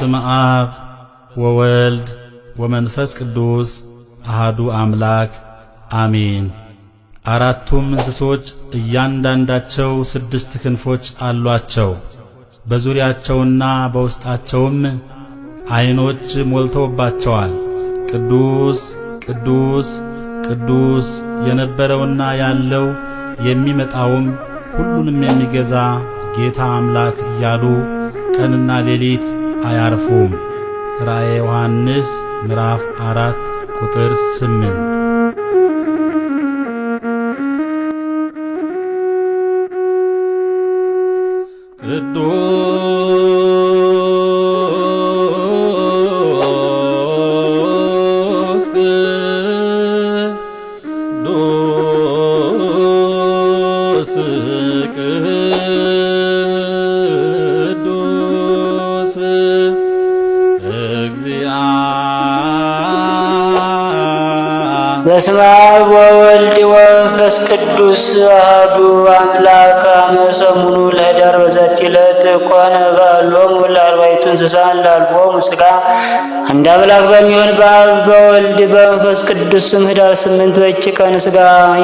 በስመ አብ ወወልድ ወመንፈስ ቅዱስ አሃዱ አምላክ አሜን። አራቱም እንስሶች እያንዳንዳቸው ስድስት ክንፎች አሏቸው። በዙሪያቸውና በውስጣቸውም አይኖች ሞልተውባቸዋል። ቅዱስ ቅዱስ ቅዱስ የነበረውና ያለው የሚመጣውም ሁሉንም የሚገዛ ጌታ አምላክ እያሉ ቀንና ሌሊት አያርፉም። ራእየ ዮሐንስ ምዕራፍ አራት ቁጥር ስምንት ቅዱስ በስመ አብ ወወልድ ወመንፈስ ቅዱስ አሐዱ አምላክ። አመ ሰሙኑ ለኅዳር በዛቲ ዕለት ኮነ በዓሎሙ ለአርባዕቱ እንስሳ ለአልቦሙ ሥጋ። አንድ አምላክ በሚሆን በአብ በወልድ በመንፈስ ቅዱስም ኅዳር ስምንት በይች ቀን ሥጋ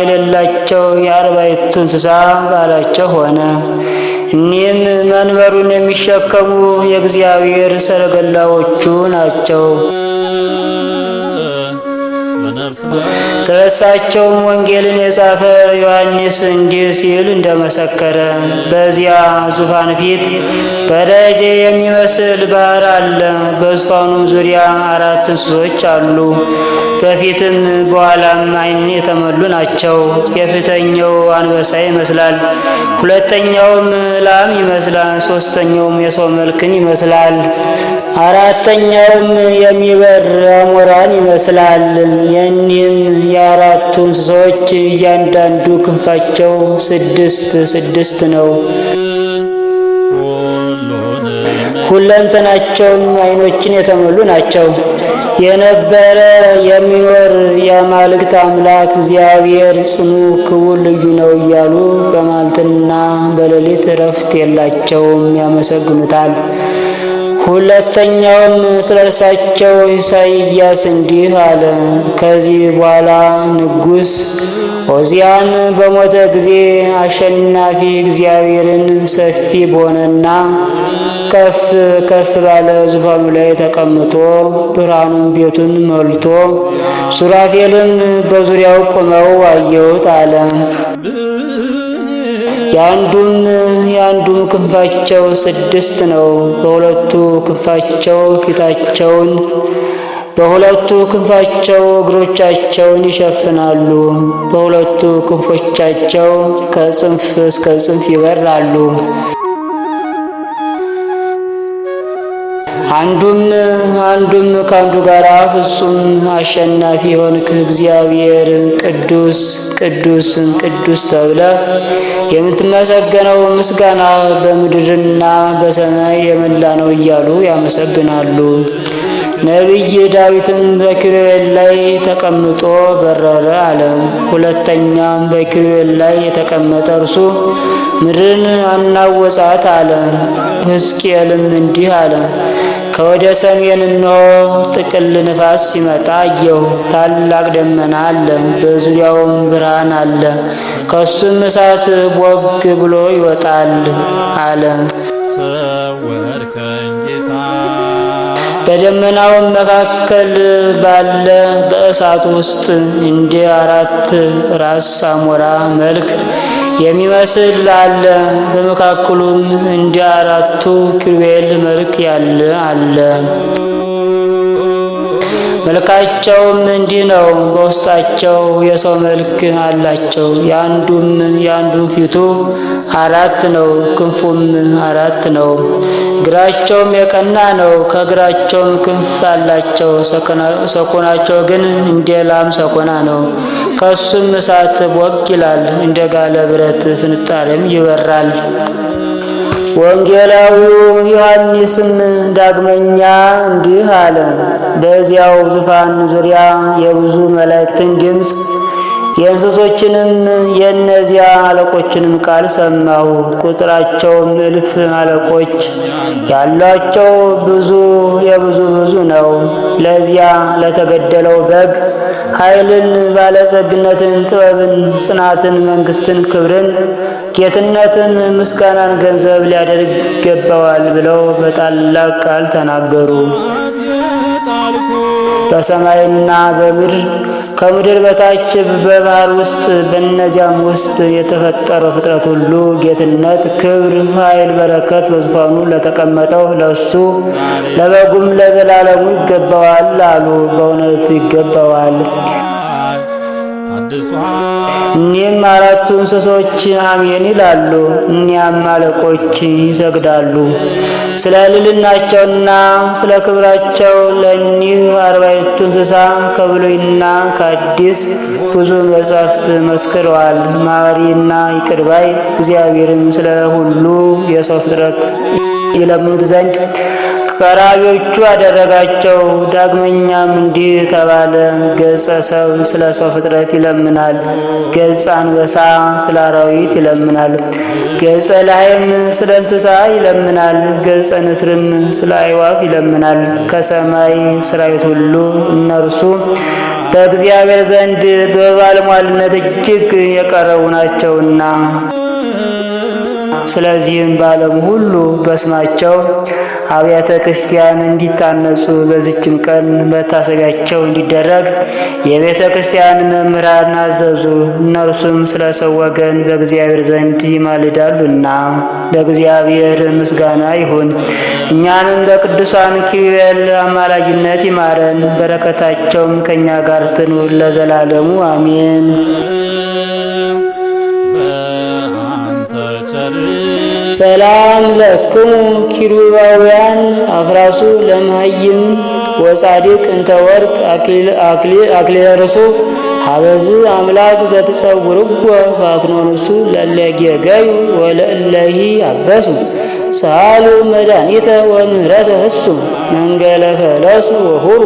የሌላቸው የአርባዕቱ እንስሳ በዓላቸው ሆነ። እኒህም መንበሩን የሚሸከሙ የእግዚአብሔር ሰረገላዎቹ ናቸው። ስለ እሳቸውም ወንጌልን የጻፈ ዮሐንስ እንዲህ ሲል እንደመሰከረ፣ በዚያ ዙፋን ፊት በረድ የሚመስል ባህር አለ። በዙፋኑም ዙሪያ አራት እንስሶች አሉ። በፊትም በኋላም ዓይን የተሞሉ ናቸው። የፊተኛው አንበሳ ይመስላል፣ ሁለተኛውም ላም ይመስላል፣ ሶስተኛውም የሰው መልክን ይመስላል፣ አራተኛውም የሚበር አሞራን ይመስላል። የኒህም የአራቱ እንስሳዎች እያንዳንዱ ክንፋቸው ስድስት ስድስት ነው። ሁለንተናቸውም ዓይኖችን የተሞሉ ናቸው። የነበረ የሚወር የአማልክት አምላክ እግዚአብሔር ጽኑ ክቡር ልዩ ነው እያሉ በማልትና በሌሊት እረፍት የላቸውም ያመሰግኑታል። ሁለተኛውም ስለ እርሳቸው ኢሳይያስ እንዲህ አለ። ከዚህ በኋላ ንጉሥ ኦዚያን በሞተ ጊዜ አሸናፊ እግዚአብሔርን ሰፊ በሆነና ከፍ ከፍ ባለ ዙፋኑ ላይ ተቀምጦ ብርሃኑን ቤቱን መልቶ ሱራፌልም በዙሪያው ቆመው አየሁት አለ። የአንዱም የአንዱም ክንፋቸው ስድስት ነው። በሁለቱ ክንፋቸው ፊታቸውን በሁለቱ ክንፋቸው እግሮቻቸውን ይሸፍናሉ። በሁለቱ ክንፎቻቸው ከጽንፍ እስከ ጽንፍ ይበራሉ። አንዱም አንዱም ከአንዱ ጋር ፍጹም አሸናፊ የሆንክ እግዚአብሔር ቅዱስ ቅዱስ ቅዱስ ተብለ የምትመሰገነው ምስጋና በምድርና በሰማይ የመላ ነው እያሉ ያመሰግናሉ። ነቢይ ዳዊትም በኪሩቤል ላይ ተቀምጦ በረረ አለ። ሁለተኛም በኪሩቤል ላይ የተቀመጠ እርሱ ምድርን አናወጻት አለ። ሕዝቅኤልም እንዲህ አለ ከወደ ሰሜን እንሆ ጥቅል ንፋስ ሲመጣ አየሁ። ታላቅ ደመና አለ፣ በዙሪያውም ብርሃን አለ፣ ከሱም እሳት ቦግ ብሎ ይወጣል አለ። ሰወርከኝ ጌታ በደመናውም መካከል ባለ በእሳት ውስጥ እንደ አራት ራስ አሞራ መልክ የሚመስል አለ። በመካከሉም እንደ አራቱ ኪሩቤል መልክ ያለ አለ። መልካቸውም እንዲህ ነው፣ በውስጣቸው የሰው መልክ አላቸው። የአንዱም የአንዱ ፊቱ አራት ነው፣ ክንፉም አራት ነው። እግራቸውም የቀና ነው፣ ከእግራቸውም ክንፍ አላቸው። ሰኮናቸው ግን እንደ ላም ሰኮና ነው። ከሱም እሳት ቦግ ይላል፣ እንደ ጋለ ብረት ፍንጣሪም ይበራል። ወንጌላዊው ዮሐንስም ዳግመኛ እንዲህ አለ። በዚያው ዙፋን ዙሪያ የብዙ መላእክትን ድምፅ የእንስሶችንም የእነዚያ አለቆችንም ቃል ሰማሁ። ቁጥራቸውም እልፍ አለቆች ያሏቸው ብዙ የብዙ ብዙ ነው። ለዚያ ለተገደለው በግ ኃይልን፣ ባለጸግነትን፣ ጥበብን፣ ጽናትን፣ መንግስትን፣ ክብርን፣ ጌትነትን፣ ምስጋናን ገንዘብ ሊያደርግ ይገባዋል ብለው በታላቅ ቃል ተናገሩ። በሰማይና በምድር ከምድር በታች በባህር ውስጥ በእነዚያም ውስጥ የተፈጠረው ፍጥረት ሁሉ ጌትነት፣ ክብር፣ ኃይል፣ በረከት በዙፋኑ ለተቀመጠው ለእሱ ለበጉም ለዘላለሙ ይገባዋል አሉ። በእውነት ይገባዋል። እኒህም አራቱ እንስሶች አሜን ይላሉ፣ እኒያም አለቆች ይሰግዳሉ። ስለ ልልናቸውና ስለ ክብራቸው ለእኒህ አርባዕቱ እንስሳ ከብሉይና ከአዲስ ብዙ መጻሕፍት መስክረዋል። ማሪና ይቅርባይ እግዚአብሔርም ስለ ሁሉ የሰው ፍጥረት ይለምኑት ዘንድ ቀራቢዎቹ አደረጋቸው። ዳግመኛም እንዲህ ተባለ፣ ገጸ ሰው ስለ ሰው ፍጥረት ይለምናል፣ ገጸ አንበሳ ስለ አራዊት ይለምናል፣ ገጸ ላህም ስለ እንስሳ ይለምናል፣ ገጸ ንስርም ስለ አይዋፍ ይለምናል። ከሰማይ ሰራዊት ሁሉ እነርሱ በእግዚአብሔር ዘንድ በባለሟልነት እጅግ የቀረቡ ናቸውና ስለዚህም በዓለም ሁሉ በስማቸው አብያተ ክርስቲያን እንዲታነጹ በዚችም ቀን መታሰቢያቸው እንዲደረግ የቤተ ክርስቲያን መምህራን አዘዙ። እነርሱም ስለ ሰው ወገን በእግዚአብሔር ዘንድ ይማልዳሉና ለእግዚአብሔር ምስጋና ይሁን። እኛንም በቅዱሳን ኪሩቤል አማላጅነት ይማረን፣ በረከታቸውም ከእኛ ጋር ትኑር ለዘላለሙ አሜን። ሰላም ለክሙ ኪሩባውያን አፍራሱ ለመሀይም ወጻድቅ እንተ ወርቅ አክሊለ ርሱፍ ሀበዝ አምላክ ዘተጸውርጎ ባትኖንሱ ለለጌ ገዩ ወለእለሂ አበሱ ሳሉ መድኃኒተ ወምህረተ እሱ መንገለ ፈለሱ ወሁሩ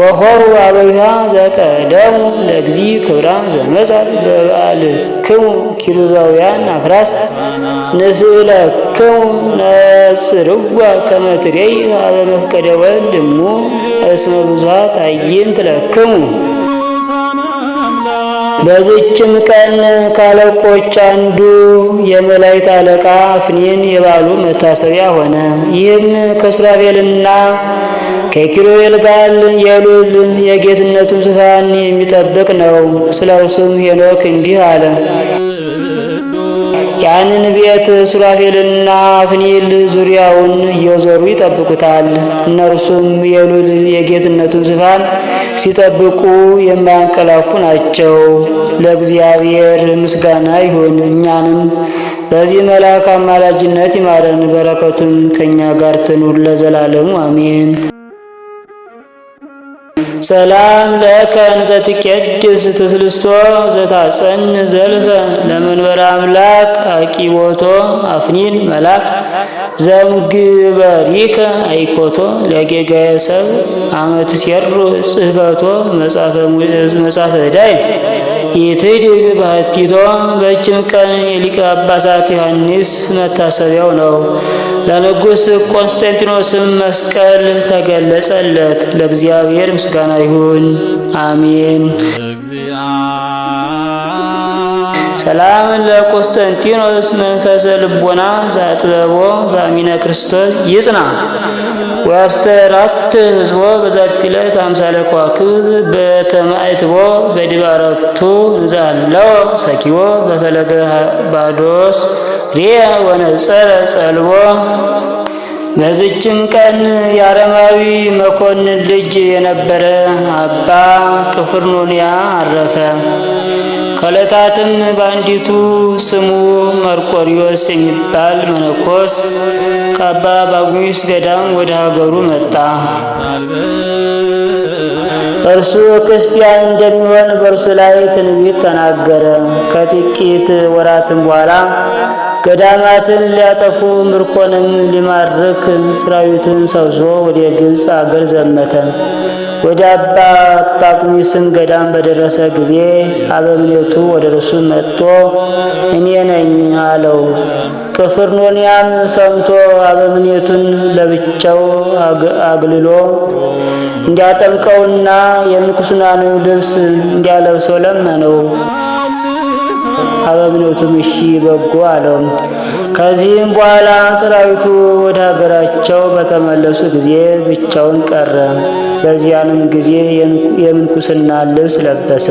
ወሆሩ አበቢሃ ዘቀደሙ ለእግዚ ክብራን ዘመጻት በበዓልክሙ ኪሩባውያን አፍራስ ንስእለክሙ ነጽርዋ ከመ ትሬይ አበ መፍቀደ ወልድ እሙ እስመ ብዙኃት አይንት ለክሙ። በዚችም ቀን ካለቆች አንዱ የመላእክት አለቃ አፍኒን የበዓሉ መታሰቢያ ሆነ። ይህም ከሱራፌልና ከኪሩቤል ጋር የሉል የጌትነቱን ዙፋን የሚጠብቅ ነው። ስለ እርሱም ሄኖክ እንዲህ አለ። ያንን ቤት ሱራፌልና አፍኒል ዙሪያውን እየዞሩ ይጠብቁታል። እነርሱም የሉል የጌትነቱን ዙፋን ሲጠብቁ የማያንቀላፉ ናቸው። ለእግዚአብሔር ምስጋና ይሁን። እኛንም በዚህ መልአክ አማላጅነት ይማረን። በረከቱም ከእኛ ጋር ትኑር ለዘላለሙ አሜን። ሰላም ለከ እንዘትቄድስ ትስልስቶ ዘታጸን ዘልፈ ለመንበረ አምላክ አቂቦቶ አፍኒን መላክ ዘምግበሪከ አይኮቶ ለጌጋየ ሰብ አመት ሲሩ ጽህፈቶ መጻፈ ዳይ ይትድግ ባህቲቶ በእችም ቀን የሊቀ ጳጳሳት ዮሐንስ መታሰቢያው ነው። ለንጉሥ ቆንስጠንጢኖስም መስቀል ተገለጸለት። ለእግዚአብሔር ምስጋና ምስጋና ይሁን፣ አሜን። ሰላም ለቆስተንቲኖስ መንፈሰ ልቦና ዘአጥበቦ በአሚነ ክርስቶስ ይጽና ወስተራት ህዝቦ በዛቲ ዕለት አምሳለ ከዋክብት በተማዕትቦ በዲባራቱ እንዛለው ሰኪቦ በፈለገ ባዶስ ሪያ ወነጸረ ጸልቦ በዝችም ቀን የአረማዊ መኮንን ልጅ የነበረ አባ ቅፍርኖንያ አረፈ። ከዕለታትም በአንዲቱ ስሙ መርቆሪዎስ የሚባል መነኮስ ከአባ ባጉስ ገዳም ወደ ሀገሩ መጣ። እርሱ ክርስቲያን እንደሚሆን በእርሱ ላይ ትንቢት ተናገረ። ከጥቂት ወራትም በኋላ ገዳማትን ሊያጠፉ ምርኮንም ሊማርክ ሰራዊቱን ሰብስቦ ወደ ግብፅ አገር ዘመተ። ወደ አባ ጳቁሚስን ገዳም በደረሰ ጊዜ አበምኔቱ ወደ እርሱ መጥቶ እኔ ነኝ አለው። ቅፍርኖንያም ሰምቶ አበምኔቱን ለብቻው አግልሎ እንዲያጠምቀውና የምንኩስናን ልብስ እንዲያለብሰው ለመነው። አበምኔቱም እሺ በጎ አለው። ከዚህም በኋላ ሰራዊቱ ወደ ሀገራቸው በተመለሱ ጊዜ ብቻውን ቀረ። በዚያንም ጊዜ የምንኩስና ልብስ ለበሰ።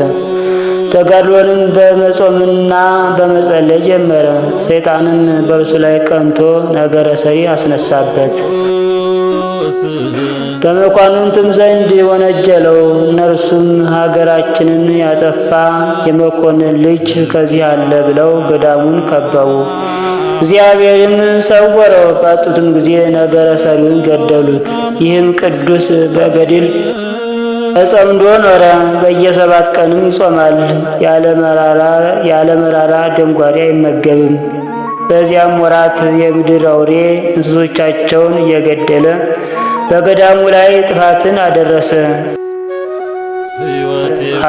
ተጋድሎንም በመጾምና በመጸለይ ጀመረ። ሰይጣንም በእርሱ ላይ ቀንቶ ነገረ ሰሪ አስነሳበት። በመኳንንቱም ዘንድ የወነጀለው እነርሱም ሀገራችንን ያጠፋ የመኮንን ልጅ ከዚህ አለ ብለው ገዳሙን ከበቡ። እግዚአብሔርም ሰወረው። ባጡትም ጊዜ ነገረ ሰሪውን ገደሉት። ይህም ቅዱስ በገድል ተጸምዶ ኖረ። በየሰባት ቀንም ይጾማል። ያለ መራራ ደንጓዴ አይመገብም። በዚያም ወራት የምድር አውሬ እንስሶቻቸውን እየገደለ በገዳሙ ላይ ጥፋትን አደረሰ።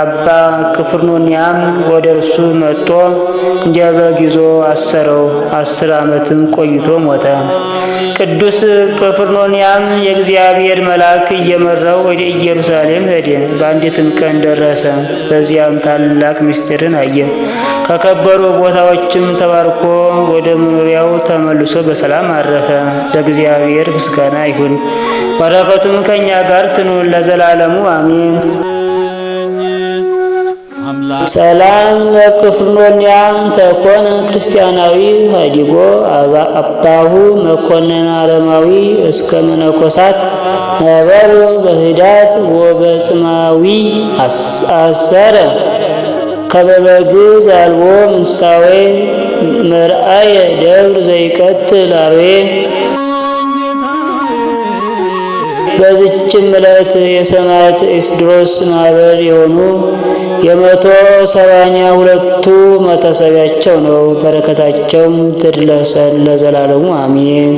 አባ ክፍርኖንያም ወደ እርሱ መጥቶ እንደ በግ ይዞ አሰረው። አስር ዓመትም ቆይቶ ሞተ። ቅዱስ ክፍርኖንያም የእግዚአብሔር መልአክ እየመራው ወደ ኢየሩሳሌም ሄደ። በአንዲትም ቀን ደረሰ። በዚያም ታላቅ ምስጢርን አየ። ከከበሩ ቦታዎችም ተባርኮ ወደ መኖሪያው ተመልሶ በሰላም አረፈ። ለእግዚአብሔር ምስጋና ይሁን፣ በረከቱም ከእኛ ጋር ትኑር ለዘላለሙ አሜን። ሰላም ለክፍሎንያ ተኮነ ክርስቲያናዊ ሀዲጎ አባሁ መኮንን አረማዊ እስከ መነኮሳት ነበሩ በህዳት ወበጽማዊ አሰረ ከመበግዝ አልቦ ምሳዌ መርአየ ደብር ዘይቀትል አቤ በዚችም ዕለት የሰማዕት ኢስድሮስ ማህበር የሆኑ የመቶ ሰባኛ ሁለቱ መታሰቢያቸው ነው። በረከታቸውም ትድረሰን ለዘላለሙ አሜን።